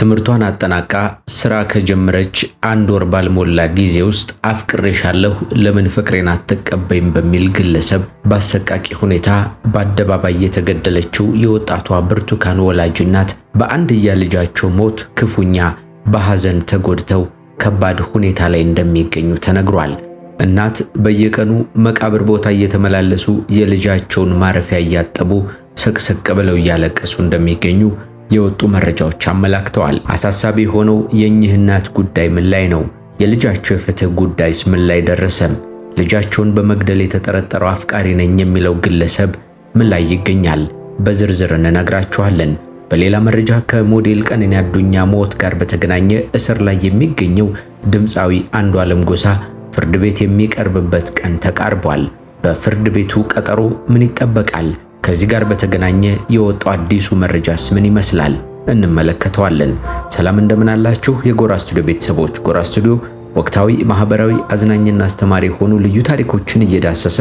ትምህርቷን አጠናቃ ስራ ከጀመረች አንድ ወር ባልሞላ ጊዜ ውስጥ አፍቅሬሻለሁ ለምን ፍቅሬን አትቀበይም በሚል ግለሰብ በአሰቃቂ ሁኔታ በአደባባይ የተገደለችው የወጣቷ ብርቱካን ወላጅ እናት በአንድያ ልጃቸው ሞት ክፉኛ በሐዘን ተጎድተው ከባድ ሁኔታ ላይ እንደሚገኙ ተነግሯል። እናት በየቀኑ መቃብር ቦታ እየተመላለሱ የልጃቸውን ማረፊያ እያጠቡ ስቅስቅ ብለው እያለቀሱ እንደሚገኙ የወጡ መረጃዎች አመላክተዋል። አሳሳቢ የሆነው የእኚህ እናት ጉዳይ ምን ላይ ነው? የልጃቸው የፍትህ ጉዳይስ ምን ላይ ደረሰም? ልጃቸውን በመግደል የተጠረጠረው አፍቃሪ ነኝ የሚለው ግለሰብ ምን ላይ ይገኛል? በዝርዝር እንነግራችኋለን። በሌላ መረጃ ከሞዴል ቀነኒ አዱኛ ሞት ጋር በተገናኘ እስር ላይ የሚገኘው ድምፃዊ አንዷለም ጎሳ ፍርድ ቤት የሚቀርብበት ቀን ተቃርቧል። በፍርድ ቤቱ ቀጠሮ ምን ይጠበቃል? ከዚህ ጋር በተገናኘ የወጣው አዲሱ መረጃስ ምን ይመስላል? እንመለከተዋለን። ሰላም እንደምን አላችሁ የጎራ ስቱዲዮ ቤተሰቦች። ጎራ ስቱዲዮ ወቅታዊ፣ ማህበራዊ፣ አዝናኝና አስተማሪ የሆኑ ልዩ ታሪኮችን እየዳሰሰ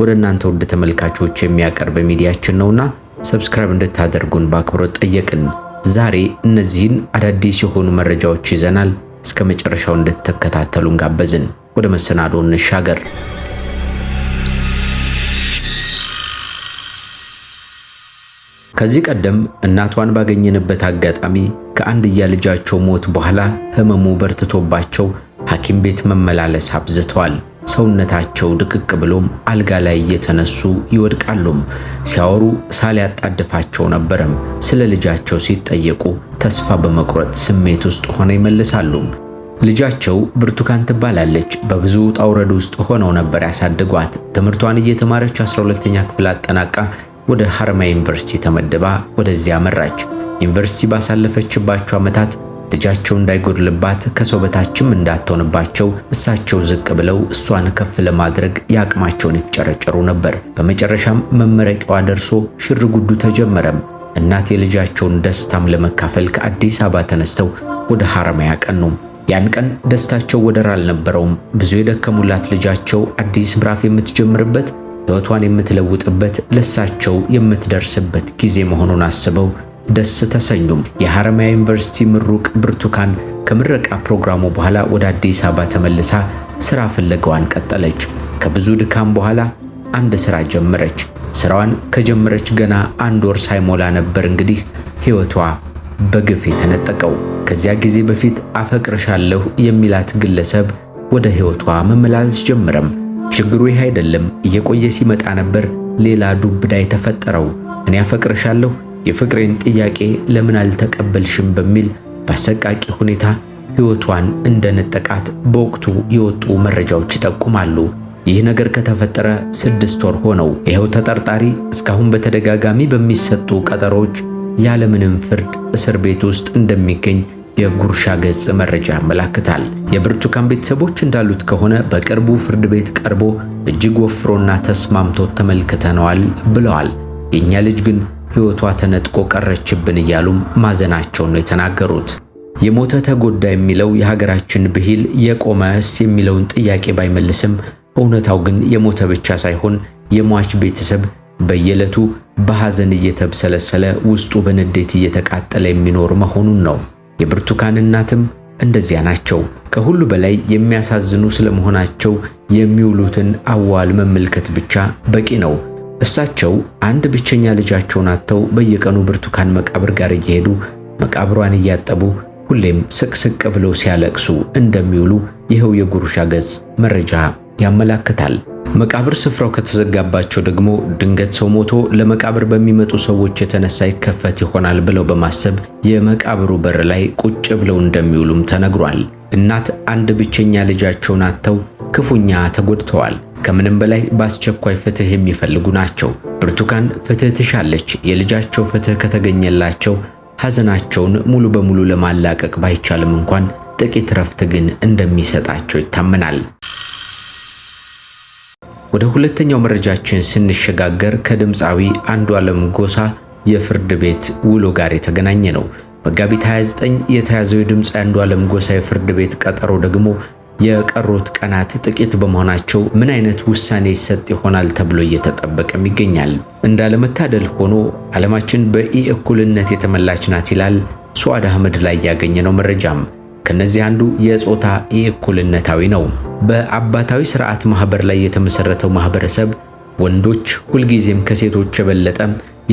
ወደ እናንተ ውድ ተመልካቾች የሚያቀርብ ሚዲያችን ነውና ሰብስክራይብ እንድታደርጉን በአክብሮት ጠየቅን። ዛሬ እነዚህን አዳዲስ የሆኑ መረጃዎች ይዘናል። እስከ መጨረሻው እንድትከታተሉን ጋበዝን። ወደ መሰናዶ እንሻገር። ከዚህ ቀደም እናቷን ባገኘንበት አጋጣሚ ከአንድያ ልጃቸው ሞት በኋላ ህመሙ በርትቶባቸው ሐኪም ቤት መመላለስ አብዝተዋል። ሰውነታቸው ድቅቅ ብሎም አልጋ ላይ እየተነሱ ይወድቃሉም። ሲያወሩ ሳል ያጣድፋቸው ነበረም። ስለ ልጃቸው ሲጠየቁ ተስፋ በመቁረጥ ስሜት ውስጥ ሆነ ይመልሳሉ። ልጃቸው ብርቱካን ትባላለች። በብዙ ጣውረድ ውስጥ ሆነው ነበር ያሳድጓት። ትምህርቷን እየተማረች 12ኛ ክፍል አጠናቃ ወደ ሐረማያ ዩኒቨርሲቲ ተመድባ ወደዚያ አመራች። ዩኒቨርሲቲ ባሳለፈችባቸው ዓመታት ልጃቸው እንዳይጎድልባት ከሰው በታችም እንዳትሆንባቸው እሳቸው ዝቅ ብለው እሷን ከፍ ለማድረግ የአቅማቸውን ይፍጨረጨሩ ነበር። በመጨረሻም መመረቂያዋ ደርሶ ሽር ጉዱ ተጀመረም። እናት የልጃቸውን ደስታም ለመካፈል ከአዲስ አበባ ተነስተው ወደ ሐረማያ ቀኑ። ያን ቀን ደስታቸው ወደር አልነበረውም። ብዙ የደከሙላት ልጃቸው አዲስ ምዕራፍ የምትጀምርበት ሕይወቷን የምትለውጥበት ለሳቸው የምትደርስበት ጊዜ መሆኑን አስበው ደስ ተሰኙም። የሐረማያ ዩኒቨርሲቲ ምሩቅ ብርቱካን ከምረቃ ፕሮግራሙ በኋላ ወደ አዲስ አበባ ተመልሳ ስራ ፍለጋዋን ቀጠለች። ከብዙ ድካም በኋላ አንድ ስራ ጀመረች። ስራዋን ከጀመረች ገና አንድ ወር ሳይሞላ ነበር እንግዲህ ሕይወቷ በግፍ የተነጠቀው። ከዚያ ጊዜ በፊት አፈቅርሻለሁ የሚላት ግለሰብ ወደ ሕይወቷ መመላለስ ጀመረም። ችግሩ ይህ አይደለም። እየቆየ ሲመጣ ነበር ሌላ ዱብ ዱብዳ የተፈጠረው። እኔ አፈቅርሻለሁ፣ የፍቅሬን ጥያቄ ለምን አልተቀበልሽም? በሚል በአሰቃቂ ሁኔታ ሕይወቷን እንደነጠቃት በወቅቱ የወጡ መረጃዎች ይጠቁማሉ። ይህ ነገር ከተፈጠረ ስድስት ወር ሆነው። ይኸው ተጠርጣሪ እስካሁን በተደጋጋሚ በሚሰጡ ቀጠሮዎች ያለምንም ፍርድ እስር ቤት ውስጥ እንደሚገኝ የጉርሻ ገጽ መረጃ ያመላክታል። የብርቱካን ቤተሰቦች እንዳሉት ከሆነ በቅርቡ ፍርድ ቤት ቀርቦ እጅግ ወፍሮና ተስማምቶ ተመልክተነዋል ብለዋል። የእኛ ልጅ ግን ሕይወቷ ተነጥቆ ቀረችብን እያሉም ማዘናቸውን ነው የተናገሩት። የሞተ ተጎዳ የሚለው የሀገራችን ብሂል የቆመስ የሚለውን ጥያቄ ባይመልስም እውነታው ግን የሞተ ብቻ ሳይሆን የሟች ቤተሰብ በየዕለቱ በሐዘን እየተብሰለሰለ ውስጡ በንዴት እየተቃጠለ የሚኖር መሆኑን ነው። የብርቱካን እናትም እንደዚያ ናቸው። ከሁሉ በላይ የሚያሳዝኑ ስለመሆናቸው የሚውሉትን አዋል መመልከት ብቻ በቂ ነው። እሳቸው አንድ ብቸኛ ልጃቸውን አጥተው በየቀኑ ብርቱካን መቃብር ጋር እየሄዱ መቃብሯን እያጠቡ ሁሌም ስቅስቅ ብለው ሲያለቅሱ እንደሚውሉ ይኸው የጉሩሻ ገጽ መረጃ ያመላክታል። መቃብር ስፍራው ከተዘጋባቸው ደግሞ ድንገት ሰው ሞቶ ለመቃብር በሚመጡ ሰዎች የተነሳ ይከፈት ይሆናል ብለው በማሰብ የመቃብሩ በር ላይ ቁጭ ብለው እንደሚውሉም ተነግሯል። እናት አንድ ብቸኛ ልጃቸውን አጥተው ክፉኛ ተጎድተዋል። ከምንም በላይ በአስቸኳይ ፍትህ የሚፈልጉ ናቸው። ብርቱካን ፍትህ ትሻለች። የልጃቸው ፍትህ ከተገኘላቸው ሐዘናቸውን ሙሉ በሙሉ ለማላቀቅ ባይቻልም እንኳን ጥቂት ረፍት ግን እንደሚሰጣቸው ይታመናል። ወደ ሁለተኛው መረጃችን ስንሸጋገር ከድምፃዊ አንዷለም ጎሳ የፍርድ ቤት ውሎ ጋር የተገናኘ ነው። መጋቢት 29 የተያዘው የድምፃዊ አንዷለም ጎሳ የፍርድ ቤት ቀጠሮ ደግሞ የቀሩት ቀናት ጥቂት በመሆናቸው ምን አይነት ውሳኔ ይሰጥ ይሆናል ተብሎ እየተጠበቀም ይገኛል። እንዳለመታደል ሆኖ ዓለማችን በኢ እኩልነት የተመላች ናት ይላል ሱአድ አህመድ ላይ ያገኘነው መረጃም ከነዚህ አንዱ የጾታ እኩልነታዊ ነው። በአባታዊ ስርዓት ማህበር ላይ የተመሰረተው ማህበረሰብ ወንዶች ሁልጊዜም ከሴቶች የበለጠ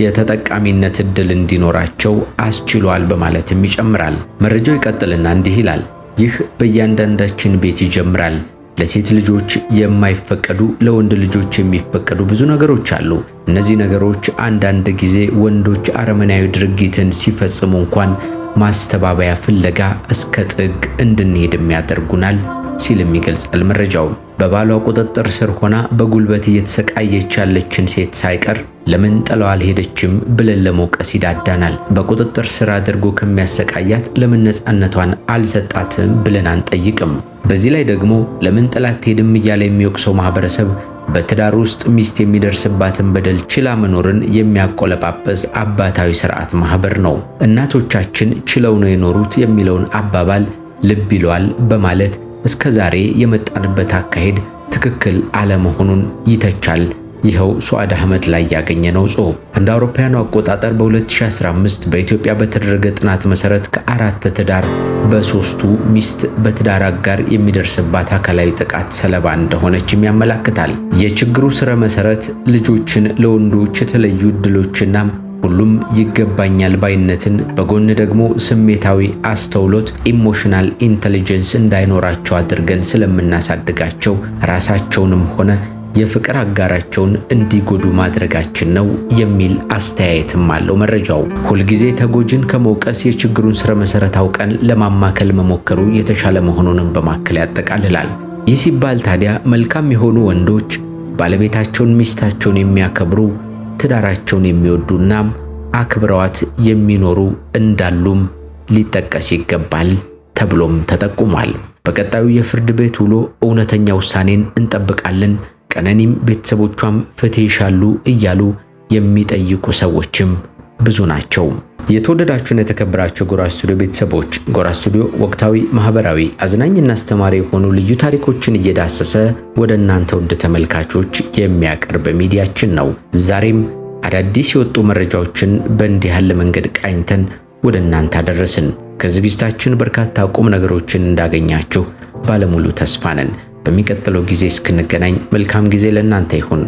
የተጠቃሚነት እድል እንዲኖራቸው አስችሏል በማለትም ይጨምራል። መረጃው ይቀጥልና እንዲህ ይላል። ይህ በእያንዳንዳችን ቤት ይጀምራል። ለሴት ልጆች የማይፈቀዱ ለወንድ ልጆች የሚፈቀዱ ብዙ ነገሮች አሉ። እነዚህ ነገሮች አንዳንድ ጊዜ ወንዶች አረመናዊ ድርጊትን ሲፈጽሙ እንኳን ማስተባበያ ፍለጋ እስከ ጥግ እንድንሄድም ያደርጉናል ሲልም ይገልጻል መረጃው። በባሏ ቁጥጥር ስር ሆና በጉልበት እየተሰቃየች ያለችን ሴት ሳይቀር ለምን ጥላው አልሄደችም ብለን ለመውቀስ ይዳዳናል። በቁጥጥር ስር አድርጎ ከሚያሰቃያት ለምን ነፃነቷን አልሰጣትም ብለን አንጠይቅም። በዚህ ላይ ደግሞ ለምን ጥላት ሄድም እያለ የሚወቅሰው ማህበረሰብ በትዳር ውስጥ ሚስት የሚደርስባትን በደል ችላ መኖርን የሚያቆለጳጰስ አባታዊ ስርዓት ማህበር ነው። እናቶቻችን ችለው ነው የኖሩት የሚለውን አባባል ልብ ይሏል በማለት እስከ ዛሬ የመጣንበት አካሄድ ትክክል አለመሆኑን ይተቻል። ይኸው ሱአድ አህመድ ላይ ነው ጽሁፍ እንደ አውሮፓውያኑ አቆጣጠር በ2015 በኢትዮጵያ በተደረገ ጥናት መሰረት ከአራት ትዳር በሶስቱ ሚስት በትዳር አጋር የሚደርስባት አካላዊ ጥቃት ሰለባ እንደሆነችም ያመላክታል። የችግሩ ስረ መሰረት ልጆችን ለወንዶች የተለዩ እድሎችና ሁሉም ይገባኛል ባይነትን በጎን ደግሞ ስሜታዊ አስተውሎት ኢሞሽናል ኢንተሊጀንስ እንዳይኖራቸው አድርገን ስለምናሳድጋቸው ራሳቸውንም ሆነ የፍቅር አጋራቸውን እንዲጎዱ ማድረጋችን ነው የሚል አስተያየትም አለው መረጃው። ሁልጊዜ ተጎጂን ከመውቀስ የችግሩን ስረ መሰረት አውቀን ለማማከል መሞከሩ የተሻለ መሆኑንም በማከል ያጠቃልላል። ይህ ሲባል ታዲያ መልካም የሆኑ ወንዶች ባለቤታቸውን፣ ሚስታቸውን የሚያከብሩ ትዳራቸውን የሚወዱና አክብረዋት የሚኖሩ እንዳሉም ሊጠቀስ ይገባል ተብሎም ተጠቁሟል። በቀጣዩ የፍርድ ቤት ውሎ እውነተኛ ውሳኔን እንጠብቃለን። ቀነኒም ቤተሰቦቿም ፍትህ ይሻሉ እያሉ የሚጠይቁ ሰዎችም ብዙ ናቸው። የተወደዳችሁን የተከበራችሁ ጎራ ስቱዲዮ ቤተሰቦች፣ ጎራ ስቱዲዮ ወቅታዊ፣ ማህበራዊ፣ አዝናኝና አስተማሪ የሆኑ ልዩ ታሪኮችን እየዳሰሰ ወደ እናንተ ውድ ተመልካቾች የሚያቀርብ ሚዲያችን ነው። ዛሬም አዳዲስ የወጡ መረጃዎችን በእንዲህ ያለ መንገድ ቃኝተን ወደ እናንተ አደረስን። ከዝግጅታችን በርካታ ቁም ነገሮችን እንዳገኛችሁ ባለሙሉ ተስፋ ነን። በሚቀጥለው ጊዜ እስክንገናኝ መልካም ጊዜ ለእናንተ ይሁን።